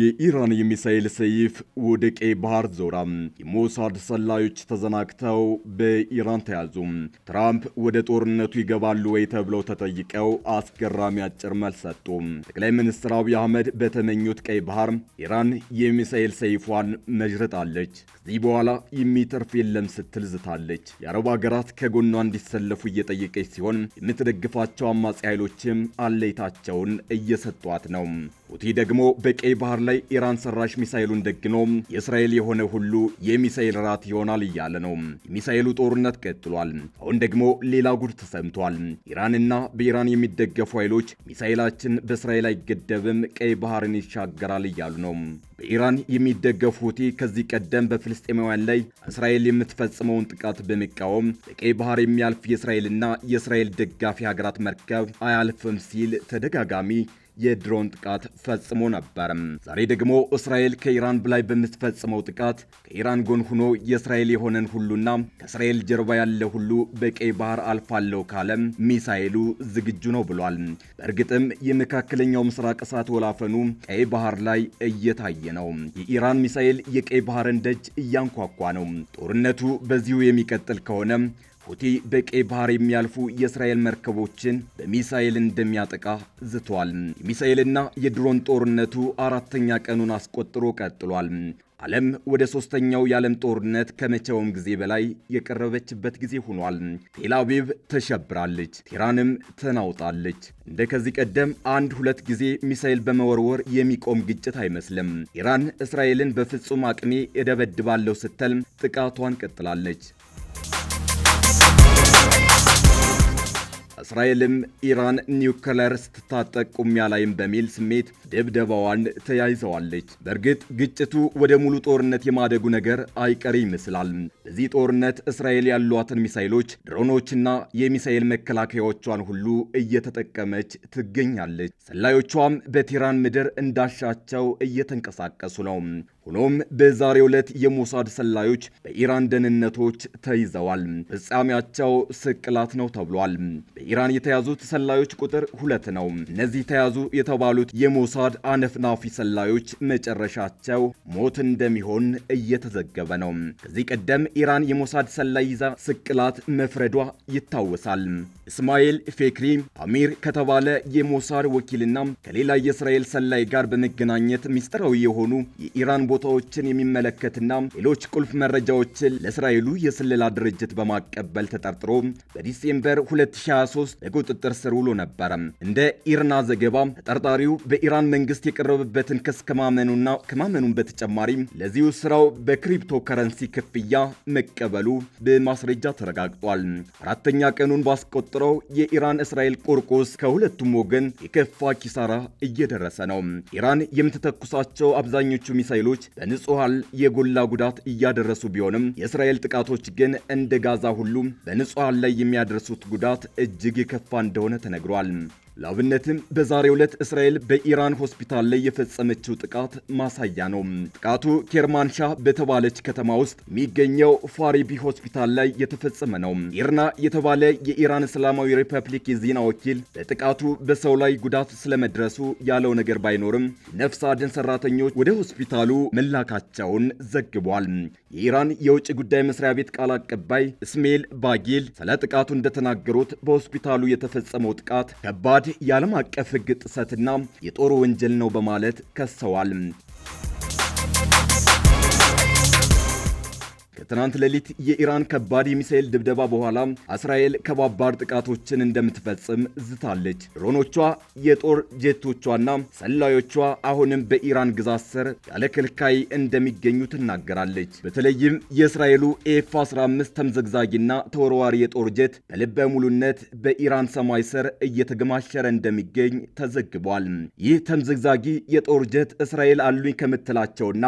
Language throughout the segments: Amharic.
የኢራን የሚሳኤል ሰይፍ ወደ ቀይ ባህር ዞራ። የሞሳድ ሰላዮች ተዘናግተው በኢራን ተያዙ። ትራምፕ ወደ ጦርነቱ ይገባሉ ወይ ተብለው ተጠይቀው አስገራሚ አጭር መልስ ሰጡ። ጠቅላይ ሚኒስትር አብይ አህመድ በተመኙት ቀይ ባህር ኢራን የሚሳኤል ሰይፏን መዥረጣለች። ከዚህ በኋላ የሚተርፍ የለም ስትል ዝታለች። የአረብ ሀገራት ከጎኗ እንዲሰለፉ እየጠየቀች ሲሆን የምትደግፋቸው አማጺ ኃይሎችም አለይታቸውን እየሰጧት ነው። ሁቲ ደግሞ በቀይ ባህር ላይ ኢራን ሰራሽ ሚሳኤሉን ደግኖ የእስራኤል የሆነ ሁሉ የሚሳኤል ራት ይሆናል እያለ ነው። የሚሳኤሉ ጦርነት ቀጥሏል። አሁን ደግሞ ሌላ ጉድ ተሰምቷል። ኢራንና በኢራን የሚደገፉ ኃይሎች ሚሳኤላችን በእስራኤል አይገደብም፣ ቀይ ባህርን ይሻገራል እያሉ ነው። በኢራን የሚደገፉ ሁቲ ከዚህ ቀደም በፍልስጤማውያን ላይ እስራኤል የምትፈጽመውን ጥቃት በመቃወም በቀይ ባህር የሚያልፍ የእስራኤልና የእስራኤል ደጋፊ ሀገራት መርከብ አያልፍም ሲል ተደጋጋሚ የድሮን ጥቃት ፈጽሞ ነበር። ዛሬ ደግሞ እስራኤል ከኢራን በላይ በምትፈጽመው ጥቃት ከኢራን ጎን ሆኖ የእስራኤል የሆነን ሁሉና ከእስራኤል ጀርባ ያለ ሁሉ በቀይ ባህር አልፋለው ካለም ሚሳኤሉ ዝግጁ ነው ብሏል። በእርግጥም የመካከለኛው ምስራቅ እሳት ወላፈኑ ቀይ ባህር ላይ እየታየ ነው። የኢራን ሚሳኤል የቀይ ባህርን ደጅ እያንኳኳ ነው። ጦርነቱ በዚሁ የሚቀጥል ከሆነ ሁቲ በቀይ ባህር የሚያልፉ የእስራኤል መርከቦችን በሚሳኤል እንደሚያጠቃ ዝቷል። የሚሳኤልና የድሮን ጦርነቱ አራተኛ ቀኑን አስቆጥሮ ቀጥሏል። ዓለም ወደ ሶስተኛው የዓለም ጦርነት ከመቼውም ጊዜ በላይ የቀረበችበት ጊዜ ሆኗል። ቴል ተሸብራለች፣ ቴራንም ተናውጣለች። እንደ ከዚህ ቀደም አንድ ሁለት ጊዜ ሚሳኤል በመወርወር የሚቆም ግጭት አይመስልም። ኢራን እስራኤልን በፍጹም አቅሜ እደበድባለሁ ስትል ጥቃቷን ቀጥላለች። እስራኤልም ኢራን ኒውክለር ስትታጠቅ ቁሚያ ላይም በሚል ስሜት ድብደባዋን ተያይዘዋለች። በእርግጥ ግጭቱ ወደ ሙሉ ጦርነት የማደጉ ነገር አይቀሬ ይመስላል። በዚህ ጦርነት እስራኤል ያሏትን ሚሳይሎች፣ ድሮኖችና የሚሳይል መከላከያዎቿን ሁሉ እየተጠቀመች ትገኛለች። ሰላዮቿም በቴህራን ምድር እንዳሻቸው እየተንቀሳቀሱ ነው። ሆኖም በዛሬው ዕለት የሞሳድ ሰላዮች በኢራን ደህንነቶች ተይዘዋል። ፍጻሜያቸው ስቅላት ነው ተብሏል። በኢራን የተያዙት ሰላዮች ቁጥር ሁለት ነው። እነዚህ ተያዙ የተባሉት የሞሳድ አነፍናፊ ሰላዮች መጨረሻቸው ሞት እንደሚሆን እየተዘገበ ነው። ከዚህ ቀደም ኢራን የሞሳድ ሰላይ ይዛ ስቅላት መፍረዷ ይታወሳል። እስማኤል ፌክሪ አሚር ከተባለ የሞሳድ ወኪልና ከሌላ የእስራኤል ሰላይ ጋር በመገናኘት ሚስጥራዊ የሆኑ የኢራን ቦታዎችን የሚመለከትና ሌሎች ቁልፍ መረጃዎችን ለእስራኤሉ የስለላ ድርጅት በማቀበል ተጠርጥሮ በዲሴምበር 2023 በቁጥጥር ስር ውሎ ነበረ። እንደ ኢርና ዘገባ ተጠርጣሪው በኢራን መንግስት የቀረበበትን ክስ ከማመኑና ከማመኑን በተጨማሪ ለዚሁ ስራው በክሪፕቶ ከረንሲ ክፍያ መቀበሉ በማስረጃ ተረጋግጧል። አራተኛ ቀኑን ባስቆጠረው የኢራን እስራኤል ቁርቁስ ከሁለቱም ወገን የከፋ ኪሳራ እየደረሰ ነው። ኢራን የምትተኩሳቸው አብዛኞቹ ሚሳይሎች በንጹሐን የጎላ ጉዳት እያደረሱ ቢሆንም የእስራኤል ጥቃቶች ግን እንደ ጋዛ ሁሉ በንጹሐን ላይ የሚያደርሱት ጉዳት እጅግ የከፋ እንደሆነ ተነግሯል። ለአብነትም በዛሬው ዕለት እስራኤል በኢራን ሆስፒታል ላይ የፈጸመችው ጥቃት ማሳያ ነው። ጥቃቱ ኬርማንሻ በተባለች ከተማ ውስጥ የሚገኘው ፋሪቢ ሆስፒታል ላይ የተፈጸመ ነው። ኢርና የተባለ የኢራን እስላማዊ ሪፐብሊክ የዜና ወኪል በጥቃቱ በሰው ላይ ጉዳት ስለመድረሱ ያለው ነገር ባይኖርም ነፍስ አድን ሰራተኞች ወደ ሆስፒታሉ መላካቸውን ዘግቧል። የኢራን የውጭ ጉዳይ መስሪያ ቤት ቃል አቀባይ እስሜል ባጌል ስለ ጥቃቱ እንደተናገሩት በሆስፒታሉ የተፈጸመው ጥቃት ከባድ የዓለም አቀፍ ሕግ ጥሰትና የጦር ወንጀል ነው በማለት ከሰዋል። ከትናንት ሌሊት የኢራን ከባድ የሚሳኤል ድብደባ በኋላ እስራኤል ከባባድ ጥቃቶችን እንደምትፈጽም ዝታለች። ድሮኖቿ፣ የጦር ጄቶቿና ሰላዮቿ አሁንም በኢራን ግዛት ስር ያለ ክልካይ እንደሚገኙ ትናገራለች። በተለይም የእስራኤሉ ኤፍ 15 ተምዘግዛጊና ተወርዋሪ የጦር ጄት በልበ ሙሉነት በኢራን ሰማይ ስር እየተገማሸረ እንደሚገኝ ተዘግቧል። ይህ ተምዘግዛጊ የጦር ጄት እስራኤል አሉኝ ከምትላቸውና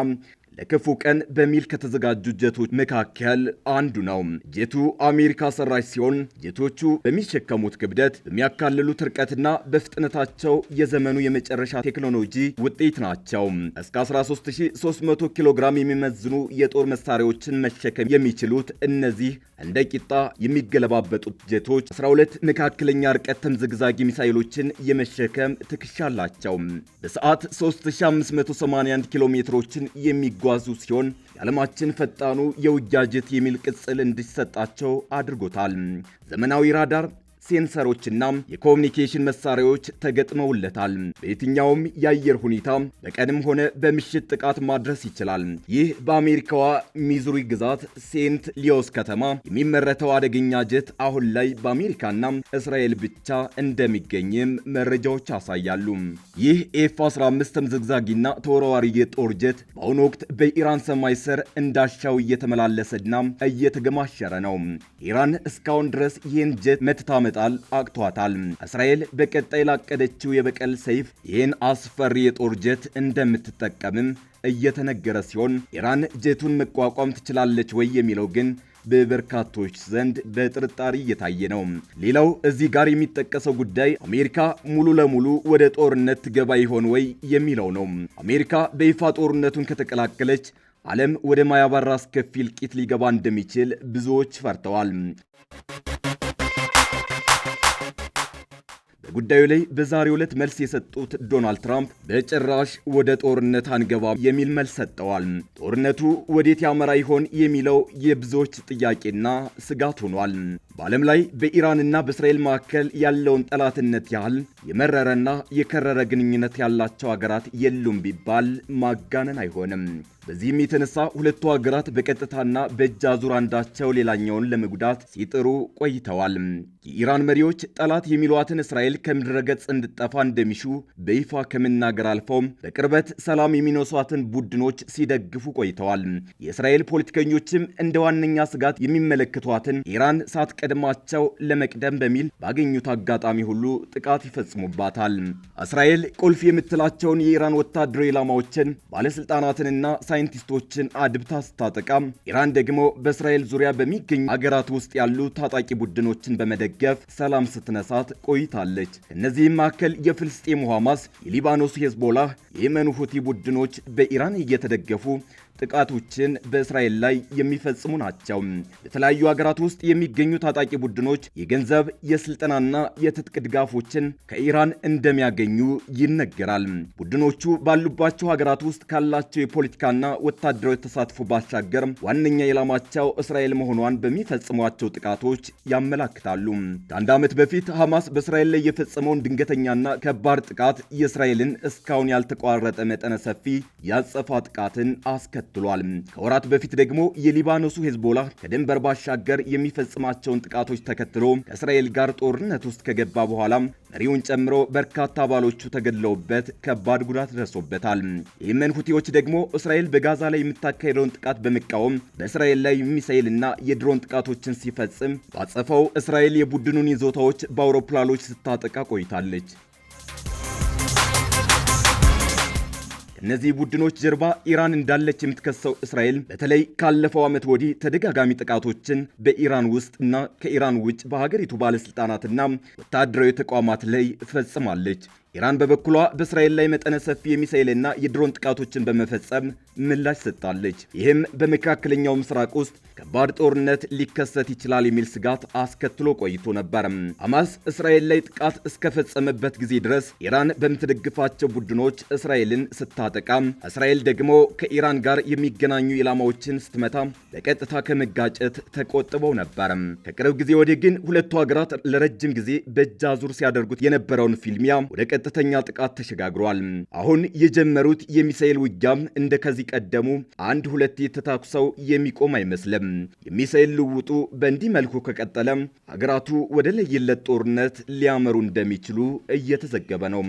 ለክፉ ቀን በሚል ከተዘጋጁ ጀቶች መካከል አንዱ ነው። ጀቱ አሜሪካ ሰራሽ ሲሆን ጀቶቹ በሚሸከሙት ክብደት፣ በሚያካልሉት ርቀትና በፍጥነታቸው የዘመኑ የመጨረሻ ቴክኖሎጂ ውጤት ናቸው። እስከ 13300 ኪሎ ግራም የሚመዝኑ የጦር መሳሪያዎችን መሸከም የሚችሉት እነዚህ እንደ ቂጣ የሚገለባበጡት ጀቶች 12 መካከለኛ ርቀት ተምዝግዛጊ ሚሳይሎችን የመሸከም ትከሻ አላቸው። በሰዓት 3581 ኪሎ ሜትሮችን የሚጓ የሚጓዙ ሲሆን የዓለማችን ፈጣኑ የውጊያ ጀት የሚል ቅጽል እንዲሰጣቸው አድርጎታል። ዘመናዊ ራዳር ሴንሰሮችና የኮሚኒኬሽን መሳሪያዎች ተገጥመውለታል። በየትኛውም የአየር ሁኔታ በቀንም ሆነ በምሽት ጥቃት ማድረስ ይችላል። ይህ በአሜሪካዋ ሚዙሪ ግዛት ሴንት ሊዮስ ከተማ የሚመረተው አደገኛ ጀት አሁን ላይ በአሜሪካና እስራኤል ብቻ እንደሚገኝም መረጃዎች ያሳያሉ። ይህ ኤፍ 15 ተምዝግዛጊና ተወራዋሪ የጦር ጀት በአሁኑ ወቅት በኢራን ሰማይ ስር እንዳሻው እየተመላለሰና እየተገማሸረ ነው። ኢራን እስካሁን ድረስ ይህን ጀት መትታመጣ መጣል አቅቷታል። እስራኤል በቀጣይ ላቀደችው የበቀል ሰይፍ ይህን አስፈሪ የጦር ጀት እንደምትጠቀምም እየተነገረ ሲሆን ኢራን ጀቱን መቋቋም ትችላለች ወይ የሚለው ግን በበርካቶች ዘንድ በጥርጣሬ እየታየ ነው። ሌላው እዚህ ጋር የሚጠቀሰው ጉዳይ አሜሪካ ሙሉ ለሙሉ ወደ ጦርነት ትገባ ይሆን ወይ የሚለው ነው። አሜሪካ በይፋ ጦርነቱን ከተቀላቀለች ዓለም ወደ ማያባራ አስከፊ እልቂት ሊገባ እንደሚችል ብዙዎች ፈርተዋል። በጉዳዩ ላይ በዛሬው ዕለት መልስ የሰጡት ዶናልድ ትራምፕ በጭራሽ ወደ ጦርነት አንገባም የሚል መልስ ሰጠዋል። ጦርነቱ ወዴት ያመራ ይሆን የሚለው የብዙዎች ጥያቄና ስጋት ሆኗል። በዓለም ላይ በኢራንና በእስራኤል መካከል ያለውን ጠላትነት ያህል የመረረና የከረረ ግንኙነት ያላቸው ሀገራት የሉም ቢባል ማጋነን አይሆንም። በዚህም የተነሳ ሁለቱ ሀገራት በቀጥታና በእጅ አዙር አንዳቸው ሌላኛውን ለመጉዳት ሲጥሩ ቆይተዋል። የኢራን መሪዎች ጠላት የሚሏትን እስራኤል ከምድረ ገጽ እንድጠፋ እንደሚሹ በይፋ ከመናገር አልፈው በቅርበት ሰላም የሚነሷትን ቡድኖች ሲደግፉ ቆይተዋል። የእስራኤል ፖለቲከኞችም እንደ ዋነኛ ስጋት የሚመለከቷትን ኢራን ሳትቀ ቀድማቸው ለመቅደም በሚል ባገኙት አጋጣሚ ሁሉ ጥቃት ይፈጽሙባታል። እስራኤል ቁልፍ የምትላቸውን የኢራን ወታደራዊ ኢላማዎችን፣ ባለስልጣናትንና ሳይንቲስቶችን አድብታ ስታጠቃ፣ ኢራን ደግሞ በእስራኤል ዙሪያ በሚገኙ አገራት ውስጥ ያሉ ታጣቂ ቡድኖችን በመደገፍ ሰላም ስትነሳት ቆይታለች። ከእነዚህም መካከል የፍልስጤሙ ሐማስ፣ የሊባኖስ ሄዝቦላህ፣ የየመኑ ሁቲ ቡድኖች በኢራን እየተደገፉ ጥቃቶችን በእስራኤል ላይ የሚፈጽሙ ናቸው። በተለያዩ ሀገራት ውስጥ የሚገኙ ታጣቂ ቡድኖች የገንዘብ የስልጠናና የትጥቅ ድጋፎችን ከኢራን እንደሚያገኙ ይነገራል። ቡድኖቹ ባሉባቸው ሀገራት ውስጥ ካላቸው የፖለቲካና ወታደራዊ ተሳትፎ ባሻገር ዋነኛ ኢላማቸው እስራኤል መሆኗን በሚፈጽሟቸው ጥቃቶች ያመላክታሉ። ከአንድ ዓመት በፊት ሐማስ በእስራኤል ላይ የፈጸመውን ድንገተኛና ከባድ ጥቃት የእስራኤልን እስካሁን ያልተቋረጠ መጠነ ሰፊ ያጸፋ ጥቃትን አስከትሏል። ተከትሏል። ከወራት በፊት ደግሞ የሊባኖሱ ሄዝቦላ ከድንበር ባሻገር የሚፈጽማቸውን ጥቃቶች ተከትሎ ከእስራኤል ጋር ጦርነት ውስጥ ከገባ በኋላ መሪውን ጨምሮ በርካታ አባሎቹ ተገድለውበት ከባድ ጉዳት ደርሶበታል። የየመን ሁቲዎች ደግሞ እስራኤል በጋዛ ላይ የምታካሄደውን ጥቃት በመቃወም በእስራኤል ላይ ሚሳኤልና የድሮን ጥቃቶችን ሲፈጽም ባጸፈው እስራኤል የቡድኑን ይዞታዎች በአውሮፕላኖች ስታጠቃ ቆይታለች። ከእነዚህ ቡድኖች ጀርባ ኢራን እንዳለች የምትከሰው እስራኤል በተለይ ካለፈው ዓመት ወዲህ ተደጋጋሚ ጥቃቶችን በኢራን ውስጥ እና ከኢራን ውጭ በሀገሪቱ ባለስልጣናትና ወታደራዊ ተቋማት ላይ ፈጽማለች። ኢራን በበኩሏ በእስራኤል ላይ መጠነ ሰፊ የሚሳኤልና የድሮን ጥቃቶችን በመፈጸም ምላሽ ሰጥታለች። ይህም በመካከለኛው ምስራቅ ውስጥ ከባድ ጦርነት ሊከሰት ይችላል የሚል ስጋት አስከትሎ ቆይቶ ነበር። ሐማስ እስራኤል ላይ ጥቃት እስከፈጸመበት ጊዜ ድረስ ኢራን በምትደግፋቸው ቡድኖች እስራኤልን ስታጠቃ፣ እስራኤል ደግሞ ከኢራን ጋር የሚገናኙ ኢላማዎችን ስትመታ በቀጥታ ከመጋጨት ተቆጥበው ነበር። ከቅርብ ጊዜ ወዲህ ግን ሁለቱ ሀገራት ለረጅም ጊዜ በእጅ አዙር ሲያደርጉት የነበረውን ፊልሚያ ወደ ቀጥተኛ ጥቃት ተሸጋግሯል። አሁን የጀመሩት የሚሳኤል ውጊያም እንደ ከዚህ ቀደሙ አንድ ሁለት የተታኩሰው የሚቆም አይመስልም። የሚሳኤል ልውጡ በእንዲህ መልኩ ከቀጠለ ሀገራቱ ወደ ለየለት ጦርነት ሊያመሩ እንደሚችሉ እየተዘገበ ነው።